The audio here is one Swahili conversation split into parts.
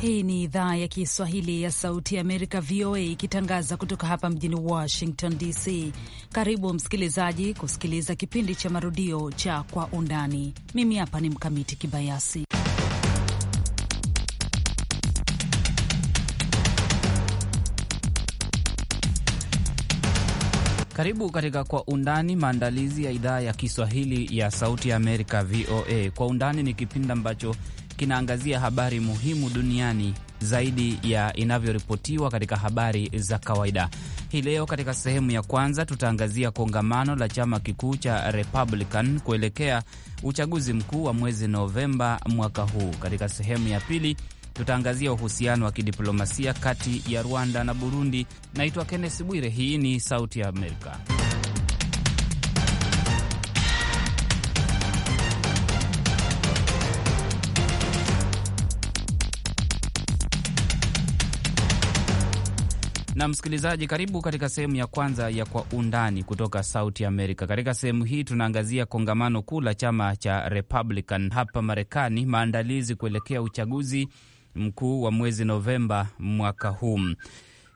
Hii ni idhaa ya Kiswahili ya Sauti ya Amerika, VOA, ikitangaza kutoka hapa mjini Washington DC. Karibu msikilizaji kusikiliza kipindi cha marudio cha Kwa Undani. Mimi hapa ni Mkamiti Kibayasi. Karibu katika Kwa Undani, maandalizi ya idhaa ya Kiswahili ya Sauti ya Amerika, VOA. Kwa Undani ni kipindi ambacho kinaangazia habari muhimu duniani zaidi ya inavyoripotiwa katika habari za kawaida. Hii leo katika sehemu ya kwanza tutaangazia kongamano la chama kikuu cha Republican kuelekea uchaguzi mkuu wa mwezi Novemba mwaka huu. Katika sehemu ya pili tutaangazia uhusiano wa kidiplomasia kati ya Rwanda na Burundi. Naitwa Kennes Bwire, hii ni Sauti ya Amerika. Na msikilizaji, karibu katika sehemu ya kwanza ya Kwa Undani kutoka Sauti Amerika. Katika sehemu hii tunaangazia kongamano kuu la chama cha Republican hapa Marekani, maandalizi kuelekea uchaguzi mkuu wa mwezi Novemba mwaka huu.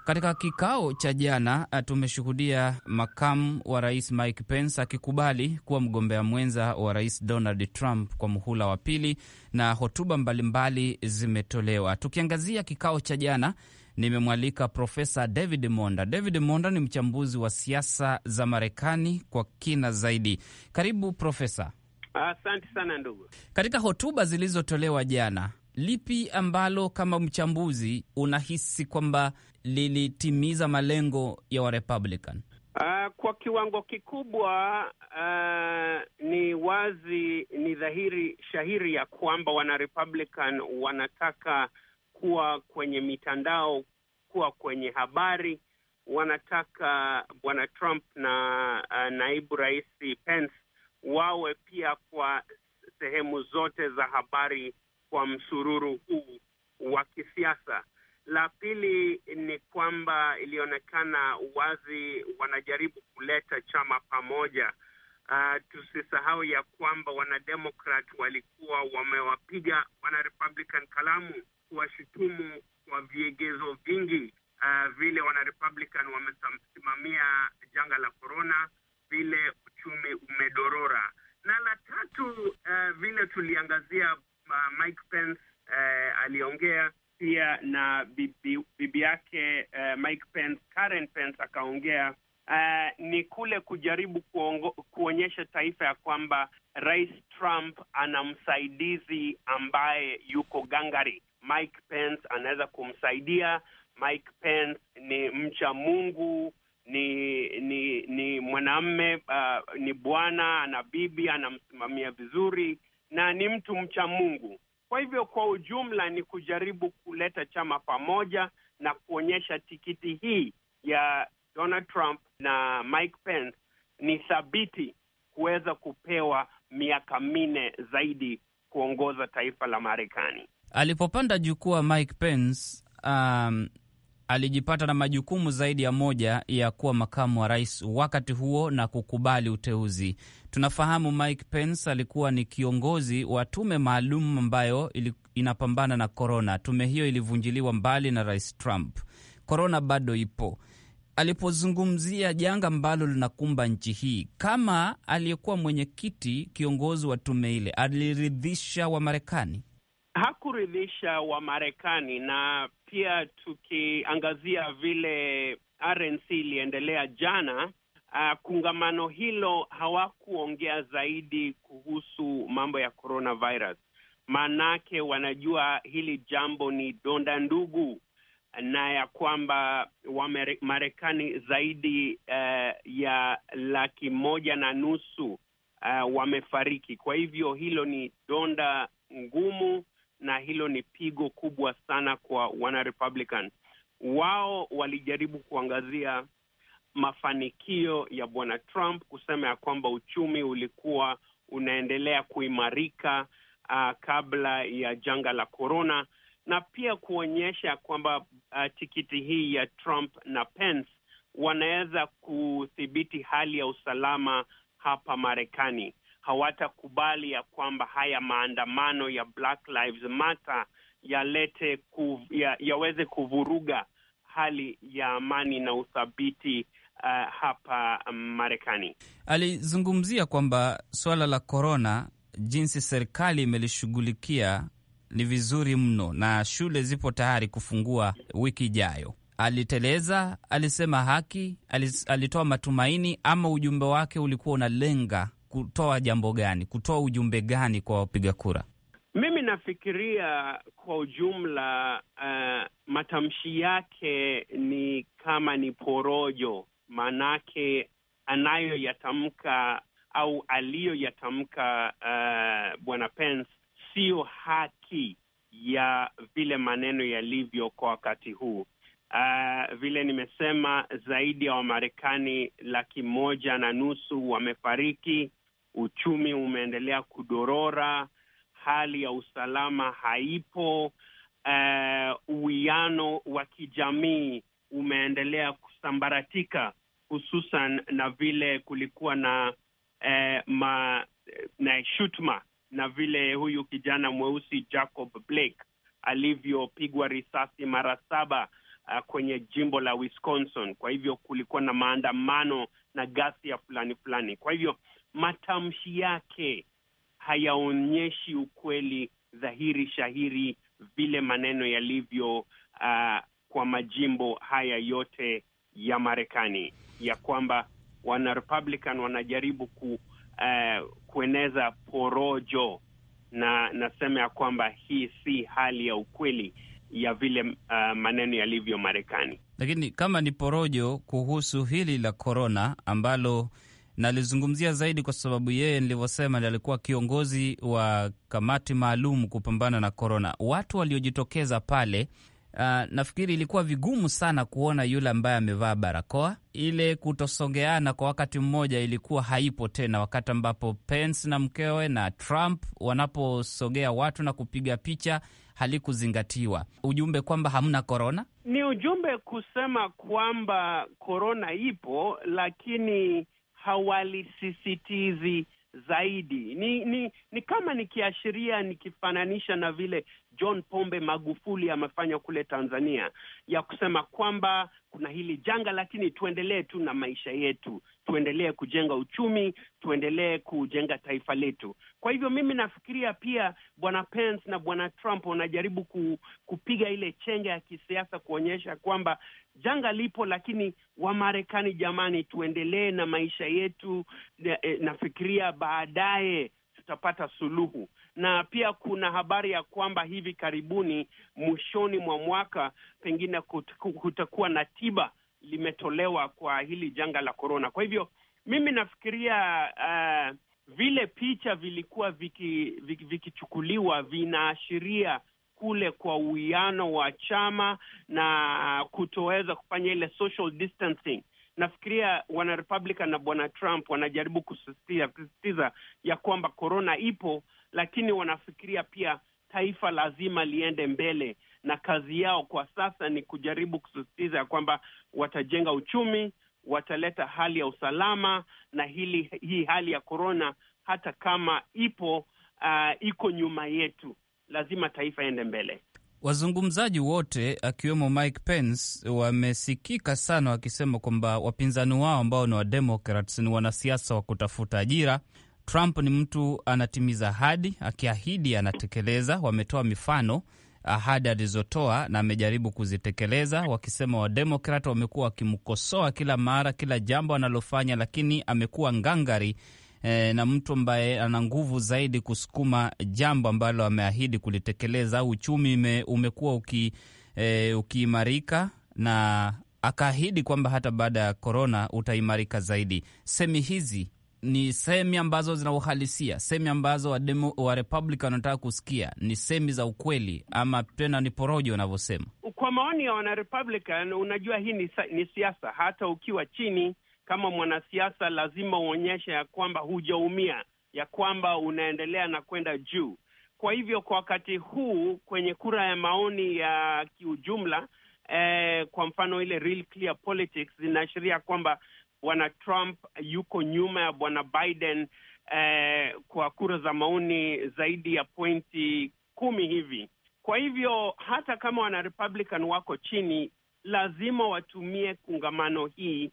Katika kikao cha jana tumeshuhudia makamu wa rais Mike Pence akikubali kuwa mgombea mwenza wa rais Donald Trump kwa muhula wa pili, na hotuba mbalimbali zimetolewa. Tukiangazia kikao cha jana, nimemwalika Profesa David Monda. David Monda ni mchambuzi wa siasa za Marekani kwa kina zaidi. Karibu Profesa. Asante sana ndugu. Katika hotuba zilizotolewa jana, lipi ambalo kama mchambuzi unahisi kwamba lilitimiza malengo ya Warepublican? Uh, kwa kiwango kikubwa uh, ni wazi, ni dhahiri shahiri ya kwamba Wanarepublican wanataka kuwa kwenye mitandao walikuwa kwenye habari wanataka bwana Trump na uh, naibu rais Pence wawe pia kwa sehemu zote za habari kwa msururu huu wa kisiasa. La pili ni kwamba ilionekana wazi wanajaribu kuleta chama pamoja. Uh, tusisahau ya kwamba wanademokrat walikuwa wamewapiga wanarepublican kalamu kuwashutumu kwa viegezo vingi uh, vile wanarepublican wamesimamia janga la korona vile uchumi umedorora, na la tatu uh, vile tuliangazia uh, Mike Pence uh, aliongea pia na bibi, bibi yake uh, Mike Pence, Karen Pence akaongea uh, ni kule kujaribu kuongo, kuonyesha taifa ya kwamba Rais Trump ana msaidizi ambaye yuko gangari Mike Pence anaweza kumsaidia. Mike Pence ni mcha Mungu, ni ni ni mwanamme uh, ni bwana, ana bibi, anamsimamia vizuri na ni mtu mcha Mungu. Kwa hivyo kwa ujumla ni kujaribu kuleta chama pamoja na kuonyesha tikiti hii ya Donald Trump na Mike Pence ni thabiti kuweza kupewa miaka minne zaidi kuongoza taifa la Marekani. Alipopanda jukwaa Mike Pence um, alijipata na majukumu zaidi ya moja ya kuwa makamu wa rais wakati huo na kukubali uteuzi. Tunafahamu Mike Pence alikuwa ni kiongozi wa tume maalum ambayo inapambana na korona. Tume hiyo ilivunjiliwa mbali na Rais Trump. Korona bado ipo. Alipozungumzia janga ambalo linakumba nchi hii, kama aliyekuwa mwenyekiti, kiongozi wa tume ile, aliridhisha Wamarekani? hakuridhisha Wamarekani, na pia tukiangazia vile RNC iliendelea jana Uh, kungamano hilo hawakuongea zaidi kuhusu mambo ya coronavirus, maanake wanajua hili jambo ni donda ndugu, na ya kwamba Wamarekani zaidi uh, ya laki moja na nusu uh, wamefariki. Kwa hivyo hilo ni donda ngumu na hilo ni pigo kubwa sana kwa wana Republican. Wao walijaribu kuangazia mafanikio ya bwana Trump kusema ya kwamba uchumi ulikuwa unaendelea kuimarika uh, kabla ya janga la korona, na pia kuonyesha kwamba uh, tikiti hii ya Trump na Pence wanaweza kudhibiti hali ya usalama hapa Marekani hawatakubali ya kwamba haya maandamano ya Black Lives Matter yalete ku, ya, yaweze kuvuruga hali ya amani na uthabiti uh, hapa Marekani. Alizungumzia kwamba suala la korona, jinsi serikali imelishughulikia ni vizuri mno, na shule zipo tayari kufungua wiki ijayo. Aliteleza, alisema haki, alitoa matumaini, ama ujumbe wake ulikuwa unalenga kutoa jambo gani, kutoa ujumbe gani kwa wapiga kura? Mimi nafikiria kwa ujumla, uh, matamshi yake ni kama ni porojo, maanake anayoyatamka au aliyoyatamka uh, bwana Pence siyo haki ya vile maneno yalivyo kwa wakati huu. Uh, vile nimesema, zaidi ya Wamarekani laki moja na nusu wamefariki uchumi umeendelea kudorora, hali ya usalama haipo, uh, uwiano wa kijamii umeendelea kusambaratika, hususan na vile kulikuwa na uh, ma, na shutuma na vile huyu kijana mweusi Jacob Blake alivyopigwa risasi mara saba uh, kwenye jimbo la Wisconsin. Kwa hivyo kulikuwa na maandamano na ghasia fulani fulani. Kwa hivyo matamshi yake hayaonyeshi ukweli dhahiri shahiri vile maneno yalivyo, uh, kwa majimbo haya yote ya Marekani ya kwamba wana Republican wanajaribu ku, uh, kueneza porojo na nasema ya kwamba hii si hali ya ukweli ya vile uh, maneno yalivyo Marekani. Lakini kama ni porojo kuhusu hili la korona ambalo nalizungumzia zaidi kwa sababu yeye, nilivyosema, alikuwa kiongozi wa kamati maalum kupambana na korona. Watu waliojitokeza pale Uh, nafikiri ilikuwa vigumu sana kuona yule ambaye amevaa barakoa. Ile kutosogeana kwa wakati mmoja ilikuwa haipo tena, wakati ambapo Pence na mkewe na Trump wanaposogea watu na kupiga picha halikuzingatiwa. Ujumbe kwamba hamna korona ni ujumbe kusema kwamba korona ipo, lakini hawalisisitizi zaidi. Ni ni ni kama nikiashiria, nikifananisha na vile John Pombe Magufuli amefanya kule Tanzania, ya kusema kwamba kuna hili janga, lakini tuendelee tu na maisha yetu, tuendelee kujenga uchumi, tuendelee kujenga taifa letu. Kwa hivyo mimi nafikiria pia bwana Pence na bwana Trump wanajaribu ku, kupiga ile chenga ya kisiasa kuonyesha kwamba janga lipo, lakini Wamarekani jamani, tuendelee na maisha yetu. E, nafikiria baadaye tutapata suluhu na pia kuna habari ya kwamba hivi karibuni mwishoni mwa mwaka pengine kutakuwa na tiba limetolewa kwa hili janga la korona. Kwa hivyo mimi nafikiria uh, vile picha vilikuwa vikichukuliwa viki, viki vinaashiria kule kwa uwiano wa chama na kutoweza kufanya ile social distancing. Nafikiria wanarepublican na bwana Trump wanajaribu kusisitiza ya kwamba korona ipo, lakini wanafikiria pia taifa lazima liende mbele na kazi yao kwa sasa ni kujaribu kusisitiza ya kwamba watajenga uchumi, wataleta hali ya usalama na hili, hii hali ya korona hata kama ipo uh, iko nyuma yetu, lazima taifa iende mbele. Wazungumzaji wote akiwemo Mike Pence wamesikika sana wakisema kwamba wapinzani wao ambao ni Wademokrats ni wanasiasa wa kutafuta ajira. Trump ni mtu anatimiza ahadi, akiahidi anatekeleza. Wametoa mifano ahadi alizotoa na amejaribu kuzitekeleza, wakisema Wademokrat wamekuwa wakimkosoa kila mara, kila jambo analofanya, lakini amekuwa ngangari eh, na mtu ambaye ana nguvu zaidi kusukuma jambo ambalo ameahidi kulitekeleza. Uchumi umekuwa uki, e, ukiimarika na akaahidi kwamba hata baada ya korona utaimarika zaidi. Semi hizi ni semi ambazo zina uhalisia, semi ambazo wa, demo, wa Republican wanataka kusikia, ni semi za ukweli ama tena ni porojo wanavyosema. Kwa maoni ya wana Republican, unajua hii ni, ni siasa. Hata ukiwa chini kama mwanasiasa, lazima uonyeshe ya kwamba hujaumia, ya kwamba unaendelea na kwenda juu. Kwa hivyo kwa wakati huu kwenye kura ya maoni ya kiujumla, eh, kwa mfano ile Real Clear Politics kwamba bwana Trump yuko nyuma ya bwana Biden eh, kwa kura za maoni zaidi ya pointi kumi hivi. Kwa hivyo hata kama wana Republican wako chini, lazima watumie kungamano hii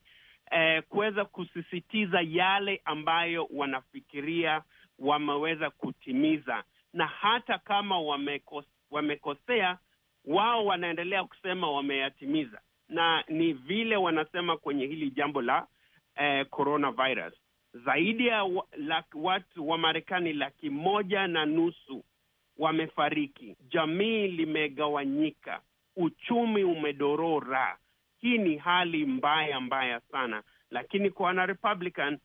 eh, kuweza kusisitiza yale ambayo wanafikiria wameweza kutimiza, na hata kama wamekosea wao wanaendelea kusema wameyatimiza, na ni vile wanasema kwenye hili jambo la eh, coronavirus. Zaidi ya wa, la, watu wa Marekani laki moja na nusu wamefariki, jamii limegawanyika, uchumi umedorora. Hii ni hali mbaya mbaya sana, lakini kwa wanarepublican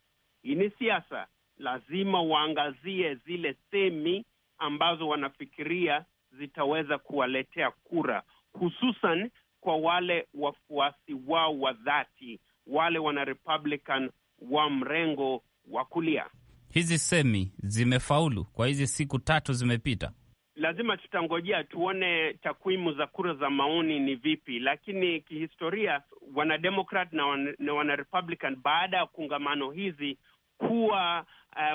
hii ni siasa, lazima waangazie zile semi ambazo wanafikiria zitaweza kuwaletea kura, hususan kwa wale wafuasi wao wa dhati wale wana Republican wa mrengo wa kulia. Hizi semi zimefaulu kwa hizi siku tatu zimepita. Lazima tutangojea tuone takwimu za kura za maoni ni vipi, lakini kihistoria wanademokrat na, wan, na wanarepublican baada ya kungamano hizi kuwa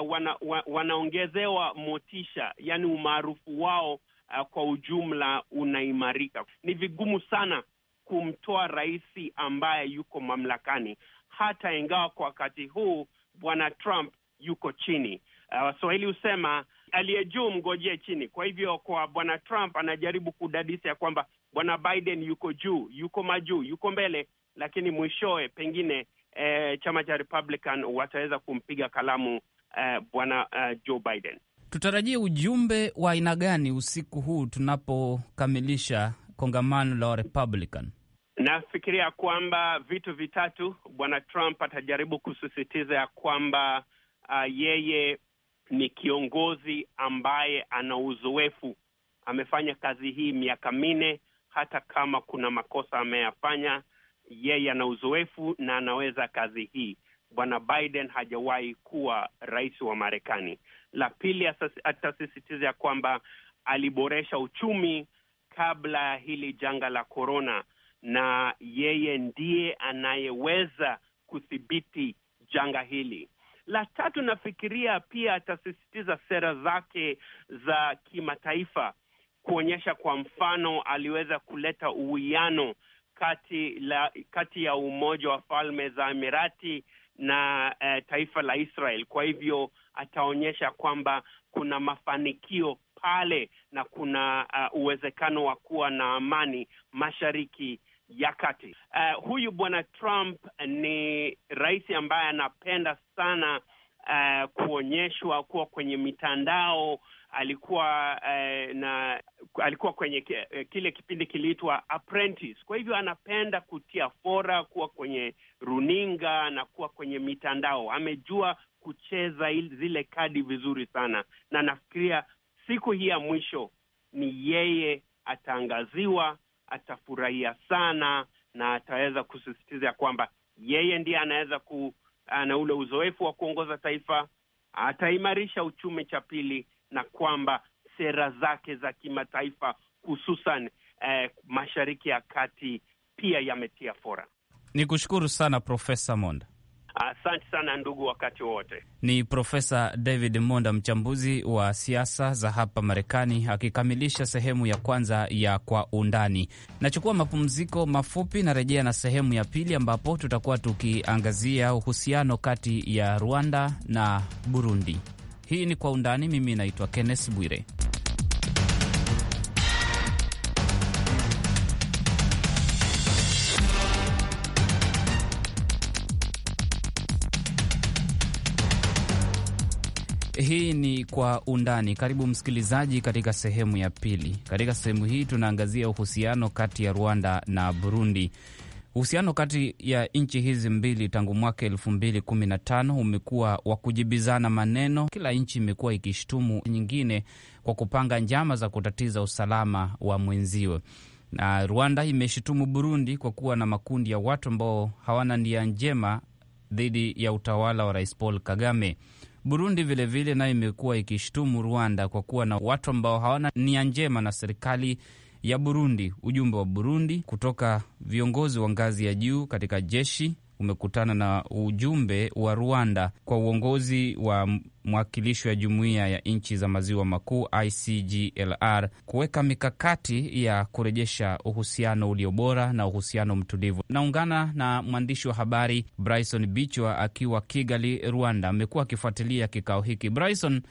uh, wana, wa, wanaongezewa motisha, yani umaarufu wao uh, kwa ujumla unaimarika. Ni vigumu sana kumtoa rais ambaye yuko mamlakani, hata ingawa kwa wakati huu bwana Trump yuko chini. Uh, Waswahili uh, husema aliye juu mgojee chini. Kwa hivyo, kwa bwana Trump anajaribu kudadisa ya kwamba bwana Biden yuko juu, yuko majuu, yuko mbele, lakini mwishowe pengine eh, chama cha Republican wataweza kumpiga kalamu eh, bwana eh, Joe Biden. Tutarajie ujumbe wa aina gani usiku huu tunapokamilisha kongamano la Republican? Nafikiria kwamba vitu vitatu bwana Trump atajaribu kusisitiza ya kwamba uh, yeye ni kiongozi ambaye ana uzoefu, amefanya kazi hii miaka minne. Hata kama kuna makosa ameyafanya, yeye ana uzoefu na anaweza kazi hii. Bwana Biden hajawahi kuwa rais wa Marekani. La pili, atasisitiza ya kwamba aliboresha uchumi kabla ya hili janga la korona na yeye ndiye anayeweza kudhibiti janga hili. La tatu, nafikiria pia atasisitiza sera zake za kimataifa kuonyesha kwa mfano aliweza kuleta uwiano kati, la, kati ya Umoja wa Falme za Emirati na eh, taifa la Israel. Kwa hivyo ataonyesha kwamba kuna mafanikio pale na kuna uh, uwezekano wa kuwa na amani mashariki ya kati. Uh, huyu bwana Trump ni rais ambaye anapenda sana uh, kuonyeshwa kuwa kwenye mitandao. Alikuwa uh, na alikuwa kwenye kile kipindi kiliitwa Apprentice. Kwa hivyo anapenda kutia fora, kuwa kwenye runinga na kuwa kwenye mitandao. Amejua kucheza zile kadi vizuri sana, na nafikiria siku hii ya mwisho ni yeye ataangaziwa atafurahia sana na ataweza kusisitiza ya kwamba yeye ndiye anaweza ku ana ule uzoefu wa kuongoza taifa, ataimarisha uchumi cha pili, na kwamba sera zake za kimataifa hususan eh, Mashariki ya Kati pia yametia fora. Ni kushukuru sana Profesa Monda. Asante sana ndugu, wakati wote. Ni Profesa David Monda, mchambuzi wa siasa za hapa Marekani, akikamilisha sehemu ya kwanza ya Kwa Undani. Nachukua mapumziko mafupi, narejea na sehemu ya pili ambapo tutakuwa tukiangazia uhusiano kati ya Rwanda na Burundi. Hii ni Kwa Undani. Mimi naitwa Kenneth Bwire. Hii ni Kwa Undani. Karibu msikilizaji katika sehemu ya pili. Katika sehemu hii tunaangazia uhusiano kati ya Rwanda na Burundi. Uhusiano kati ya nchi hizi mbili tangu mwaka elfu mbili kumi na tano umekuwa wa kujibizana maneno. Kila nchi imekuwa ikishtumu nyingine kwa kupanga njama za kutatiza usalama wa mwenziwe, na Rwanda imeshutumu Burundi kwa kuwa na makundi ya watu ambao hawana nia njema dhidi ya utawala wa Rais Paul Kagame. Burundi vilevile nayo imekuwa ikishtumu Rwanda kwa kuwa na watu ambao hawana nia njema na serikali ya Burundi. Ujumbe wa Burundi kutoka viongozi wa ngazi ya juu katika jeshi umekutana na ujumbe wa Rwanda kwa uongozi wa mwakilishi wa jumuiya ya nchi za maziwa makuu ICGLR kuweka mikakati ya kurejesha uhusiano ulio bora na uhusiano mtulivu. Naungana na mwandishi wa habari Bryson Bichwa akiwa Kigali, Rwanda. Amekuwa akifuatilia kikao hiki. Bryson,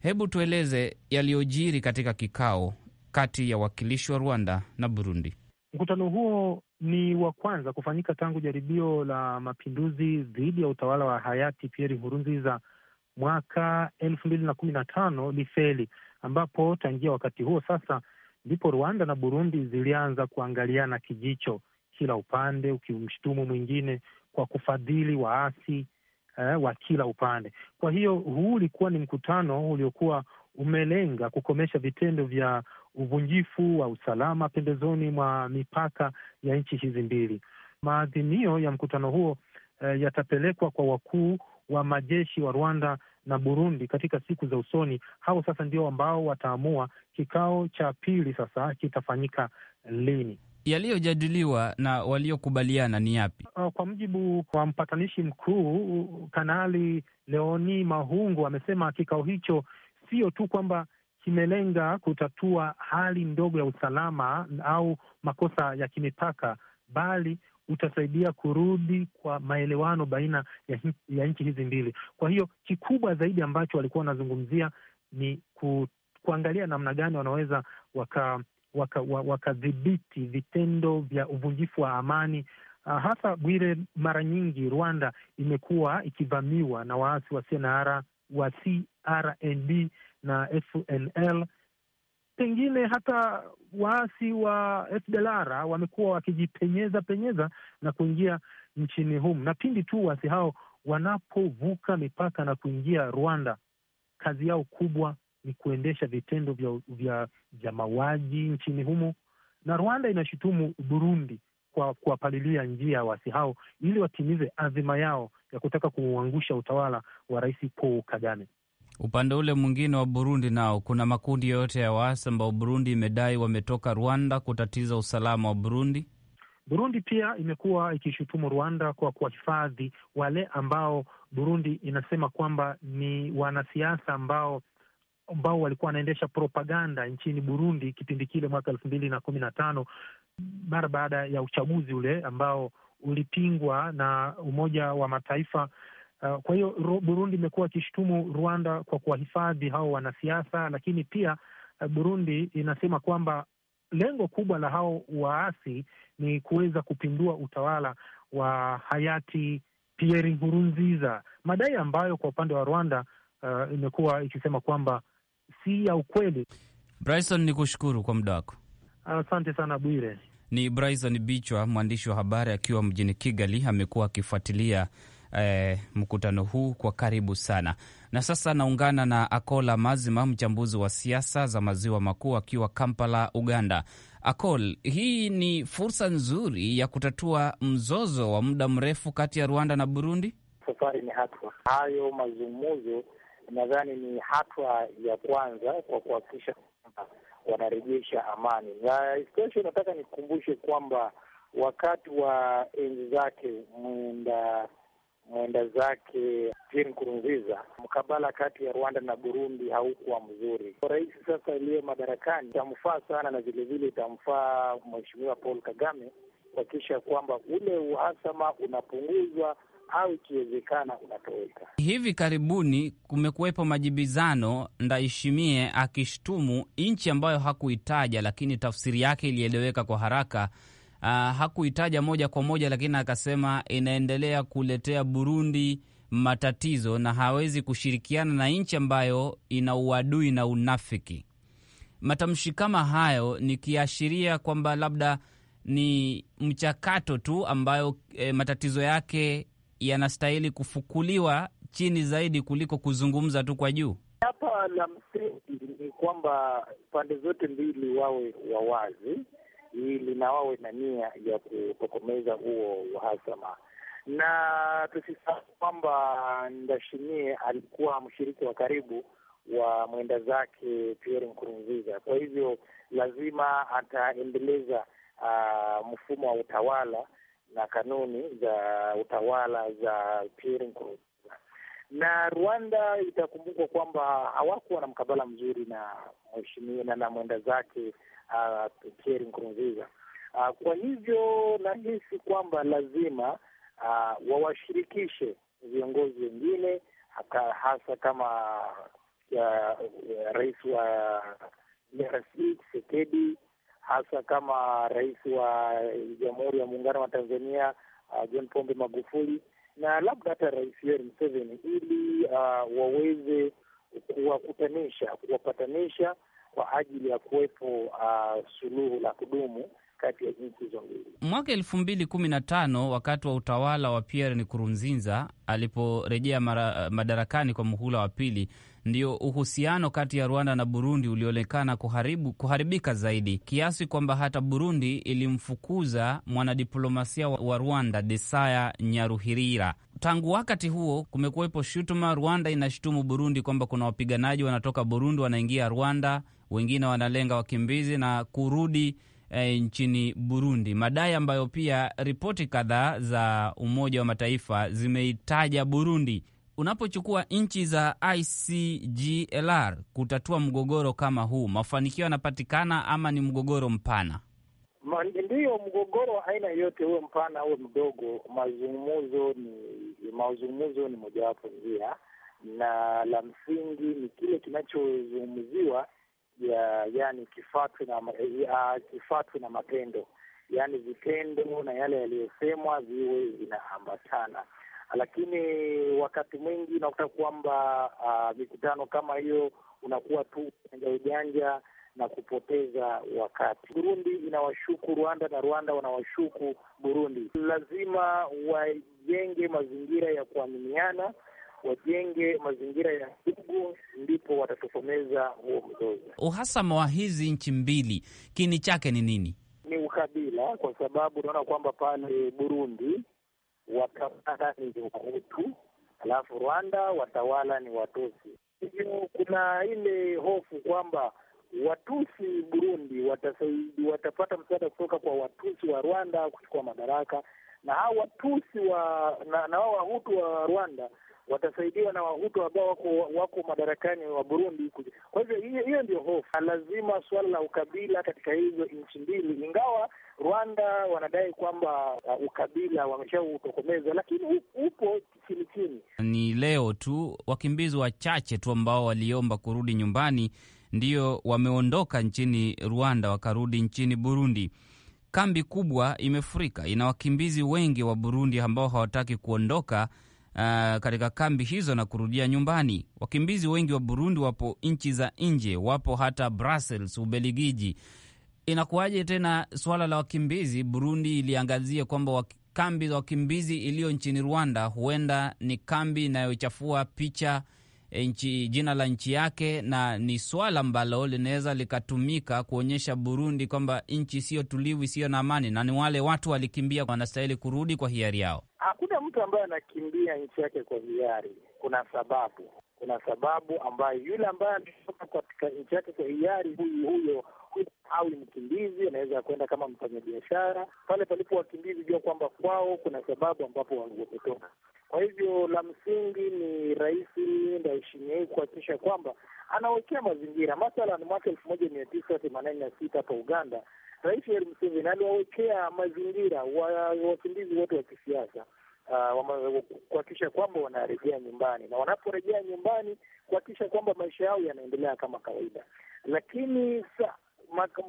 hebu tueleze yaliyojiri katika kikao kati ya wakilishi wa Rwanda na Burundi. Mkutano huo ni wa kwanza kufanyika tangu jaribio la mapinduzi dhidi ya utawala wa hayati Pierre Nkurunziza mwaka elfu mbili na kumi na tano lifeli, ambapo tangia wakati huo sasa ndipo Rwanda na Burundi zilianza kuangaliana kijicho, kila upande ukimshtumu mwingine kwa kufadhili waasi eh, wa kila upande. Kwa hiyo huu ulikuwa ni mkutano uliokuwa umelenga kukomesha vitendo vya uvunjifu wa usalama pembezoni mwa mipaka ya nchi hizi mbili. maadhimio ya mkutano huo eh, yatapelekwa kwa wakuu wa majeshi wa Rwanda na Burundi katika siku za usoni. Hao sasa ndio ambao wataamua kikao cha pili sasa kitafanyika lini. Yaliyojadiliwa na waliokubaliana ni yapi? Uh, kwa mujibu wa mpatanishi mkuu Kanali Leoni Mahungu, amesema kikao hicho sio tu kwamba kimelenga kutatua hali ndogo ya usalama au makosa ya kimipaka, bali utasaidia kurudi kwa maelewano baina ya, ya nchi hizi mbili. Kwa hiyo kikubwa zaidi ambacho walikuwa wanazungumzia ni ku, kuangalia namna gani wanaweza wakadhibiti waka, waka vitendo vya uvunjifu wa amani. Uh, hasa Bwire, mara nyingi Rwanda imekuwa ikivamiwa na waasi wa CNR wa CRND na FNL. Pengine hata waasi wa FDLR wamekuwa wakijipenyeza penyeza na kuingia nchini humu, na pindi tu waasi hao wanapovuka mipaka na kuingia Rwanda, kazi yao kubwa ni kuendesha vitendo vya, vya, vya mauaji nchini humu, na Rwanda inashutumu Burundi kwa kuwapalilia njia ya waasi hao ili watimize azima yao ya kutaka kuuangusha utawala wa Rais Paul Kagame. Upande ule mwingine wa Burundi nao kuna makundi yoyote ya waasi ambao Burundi imedai wametoka Rwanda kutatiza usalama wa Burundi. Burundi pia imekuwa ikishutumu Rwanda kwa kuwahifadhi wale ambao Burundi inasema kwamba ni wanasiasa ambao ambao walikuwa wanaendesha propaganda nchini Burundi kipindi kile mwaka elfu mbili na kumi na tano mara baada ya uchaguzi ule ambao ulipingwa na Umoja wa Mataifa Uh, kwa hiyo Burundi imekuwa ikishutumu Rwanda kwa kuwahifadhi hao wanasiasa, lakini pia uh, Burundi inasema kwamba lengo kubwa la hao waasi ni kuweza kupindua utawala wa hayati Pierre Nkurunziza, madai ambayo kwa upande wa Rwanda uh, imekuwa ikisema kwamba si ya ukweli. Bryson, ni kushukuru kwa muda wako. Asante sana Bwire. Ni Bryson Bichwa, mwandishi wa habari akiwa mjini Kigali, amekuwa akifuatilia eh, mkutano huu kwa karibu sana. Na sasa naungana na Akola Amazima, mchambuzi wa siasa za maziwa makuu, akiwa Kampala, Uganda. Akol, hii ni fursa nzuri ya kutatua mzozo wa muda mrefu kati ya Rwanda na Burundi. Safari ni hatua hayo mazungumzo, nadhani ni hatua ya kwanza kwa kuhakikisha kwamba wanarejesha amani, na isitoshe nataka nikukumbushe kwamba wakati wa enzi zake mwenda mwenda zake Pierre Nkurunziza, mkabala kati ya Rwanda na Burundi haukuwa mzuri. Rais sasa aliye madarakani itamfaa sana na vilevile itamfaa Mheshimiwa Paul Kagame kuhakikisha kwamba ule uhasama unapunguzwa au ikiwezekana unatoweka. Hivi karibuni kumekuwepo majibizano, ndaishimie akishtumu nchi ambayo hakuitaja, lakini tafsiri yake ilieleweka kwa haraka Uh, hakuitaja moja kwa moja, lakini akasema inaendelea kuletea Burundi matatizo na hawezi kushirikiana na nchi ambayo ina uadui na unafiki. Matamshi kama hayo ni kiashiria kwamba labda ni mchakato tu ambayo e, matatizo yake yanastahili kufukuliwa chini zaidi kuliko kuzungumza tu kwa juu. Hapa la msingi ni kwamba pande zote mbili wawe wawazi ili na wawe na nia ya kutokomeza huo uhasama. Na tusisahau kwamba Ndashimie alikuwa mshiriki wa karibu wa mwenda zake Pierre Nkurunziza. Kwa hivyo lazima ataendeleza uh, mfumo wa utawala na kanuni za utawala za Pierre Nkurunziza. Na Rwanda itakumbukwa kwamba hawakuwa na mkabala mzuri na mheshimiwa na, na mwenda zake uh, Pierre Nkurunziza. Uh, kwa hivyo nahisi kwamba lazima uh, wawashirikishe viongozi wengine hasa kama uh, rais wa DRC Tshisekedi, hasa kama rais wa Jamhuri ya Muungano wa Tanzania uh, John Pombe Magufuli na labda hata rais Yoweri Museveni ili uh, waweze kuwakutanisha kuwapatanisha kwa ajili ya kuwepo uh, suluhu la kudumu kati ya jinsi hizo mbili. Mwaka elfu mbili kumi na tano wakati wa utawala wa Pierre Nkurunziza aliporejea uh, madarakani kwa muhula wa pili, ndio uhusiano kati ya Rwanda na Burundi ulionekana kuharibu, kuharibika zaidi kiasi kwamba hata Burundi ilimfukuza mwanadiplomasia wa Rwanda Desaya Nyaruhirira. Tangu wakati huo kumekuwepo shutuma, Rwanda inashutumu Burundi kwamba kuna wapiganaji wanatoka Burundi wanaingia Rwanda wengine wanalenga wakimbizi na kurudi e, nchini Burundi, madai ambayo pia ripoti kadhaa za Umoja wa Mataifa zimeitaja Burundi. Unapochukua nchi za ICGLR kutatua mgogoro kama huu, mafanikio yanapatikana ama ni mgogoro mpana? Ndiyo, mgogoro wa aina yoyote, huwe mpana huwe mdogo, mazungumzo ni mazungumzo, ni mojawapo njia, na la msingi ni kile kinachozungumziwa ya yani kifatwe na, ya, kifatwe na matendo yaani vitendo na yale yaliyosemwa viwe vinaambatana, lakini wakati mwingi unakuta kwamba mikutano uh, kama hiyo unakuwa tu ujanja ujanja na kupoteza wakati. Burundi inawashuku Rwanda na Rwanda wanawashuku Burundi. Lazima wajenge mazingira ya kuaminiana wajenge mazingira ya ndugu, ndipo watatokomeza huo mzozo. Uhasama wa hizi nchi mbili kini chake ni nini? Ni ukabila, kwa sababu unaona kwamba pale Burundi watawala ni Wahutu, alafu Rwanda watawala ni Watusi. Hivyo kuna ile hofu kwamba Watusi Burundi watasaidi, watapata msaada kutoka kwa Watusi wa Rwanda kuchukua madaraka, na hao Watusi wa na, na Wahutu wa Rwanda watasaidiwa na wahutu ambao wako, wako madarakani wa Burundi. Kwa hivyo hiyo ndio hofu. Lazima suala la ukabila katika hizo nchi mbili, ingawa Rwanda wanadai kwamba uh, ukabila wameshautokomeza, lakini upo chini chini. Ni leo tu wakimbizi wachache tu ambao waliomba kurudi nyumbani ndio wameondoka nchini Rwanda wakarudi nchini Burundi. Kambi kubwa imefurika, ina wakimbizi wengi wa Burundi ambao hawataki kuondoka uh, katika kambi hizo na kurudia nyumbani. Wakimbizi wengi wa Burundi wapo nchi za nje, wapo hata Brussels, Ubeligiji. Inakuwaje tena suala la wakimbizi? Burundi iliangazia kwamba wak kambi za wakimbizi iliyo nchini Rwanda huenda ni kambi inayochafua picha Eh, nchi, jina la nchi yake, na ni swala ambalo linaweza likatumika kuonyesha Burundi kwamba nchi isiyo tulivu, isiyo na amani, na ni wale watu walikimbia wanastahili kurudi kwa hiari yao. Hakuna mtu ambaye anakimbia nchi yake kwa hiari. Kuna sababu, kuna sababu ambayo yule ambaye ametoka katika nchi yake kwa hiari, huyu huyo awi mkimbizi, anaweza kwenda kama mfanyabiashara. Pale palipo wakimbizi, jua kwamba kwao kuna sababu ambapo wametoka. Kwa hivyo la msingi ni Rais Ndayishimiye kuhakikisha kwamba anawekea mazingira. Mathalan, mwaka elfu moja mia tisa themanini na sita hapa Uganda, Rais Yoweri Museveni aliwawekea mazingira wakimbizi wote wa kisiasa ah, kuhakikisha kwamba wanarejea nyumbani na wanaporejea nyumbani kuhakikisha kwamba maisha yao yanaendelea kama kawaida. Lakini sa,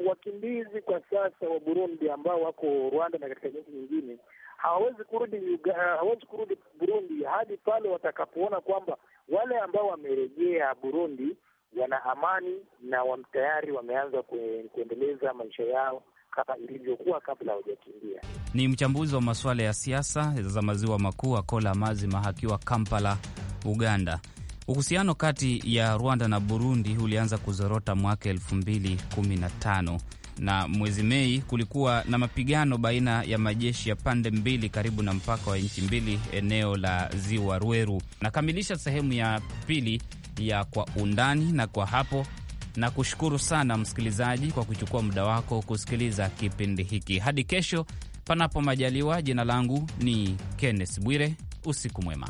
wakimbizi kwa sasa wa Burundi ambao wako Rwanda na katika nchi nyingine hawawezi kurudi eh, hawawezi kurudi Burundi hadi pale watakapoona kwamba wale ambao wamerejea Burundi wana amani na tayari wameanza kuendeleza maisha yao kama ilivyokuwa kabla hawajakimbia. Ni mchambuzi wa masuala ya siasa za maziwa makuu Akola Mazima akiwa Kampala, Uganda. Uhusiano kati ya Rwanda na Burundi ulianza kuzorota mwaka elfu mbili kumi na tano na mwezi Mei kulikuwa na mapigano baina ya majeshi ya pande mbili karibu na mpaka wa nchi mbili eneo la ziwa Rweru. Nakamilisha sehemu ya pili ya Kwa Undani, na kwa hapo na kushukuru sana msikilizaji kwa kuchukua muda wako kusikiliza kipindi hiki. Hadi kesho, panapo majaliwa. Jina langu ni Kenneth Bwire. Usiku mwema.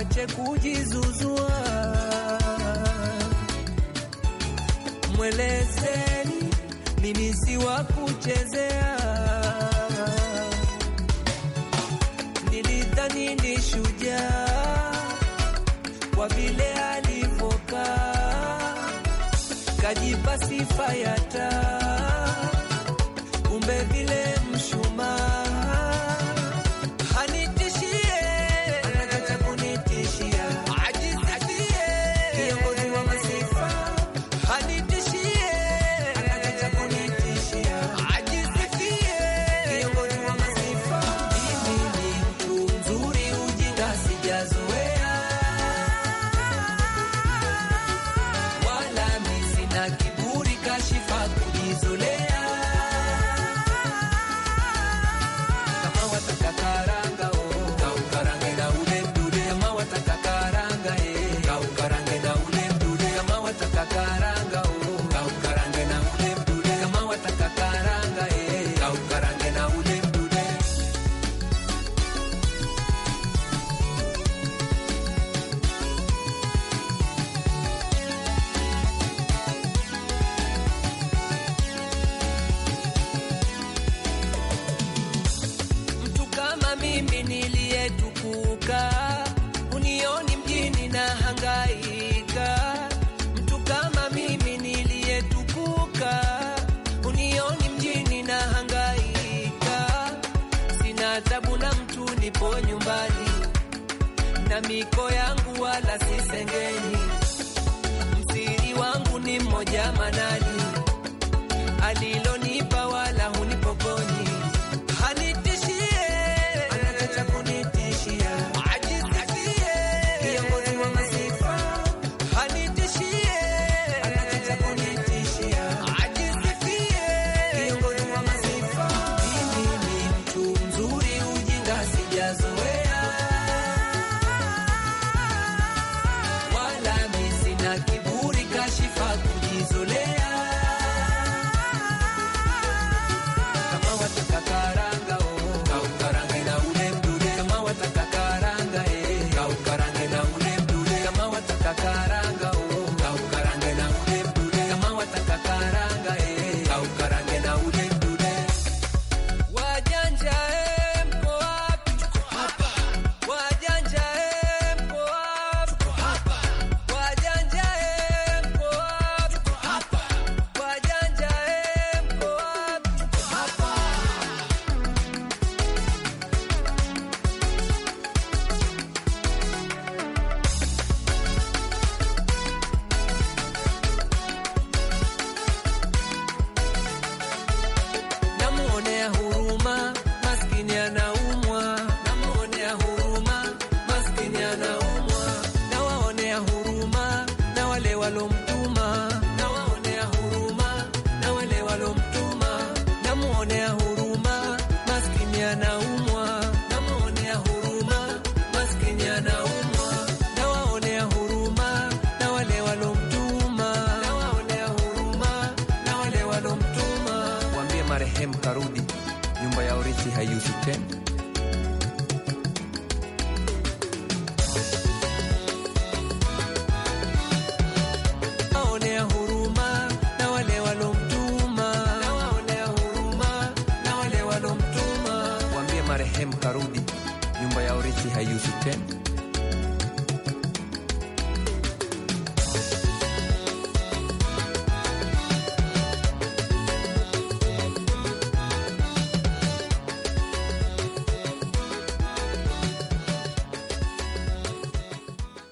waache kujizuzua, mwelezeni mimi si wa kuchezea. Nilidhani ni shujaa kwa vile alivyokaa, kajipa sifa ya taa mimi niliyetukuka, unioni mjini na hangaika. Mtu kama mimi niliyetukuka, unioni mjini na hangaika. Sina adhabu na mtu, nipo nyumbani na miko yangu wala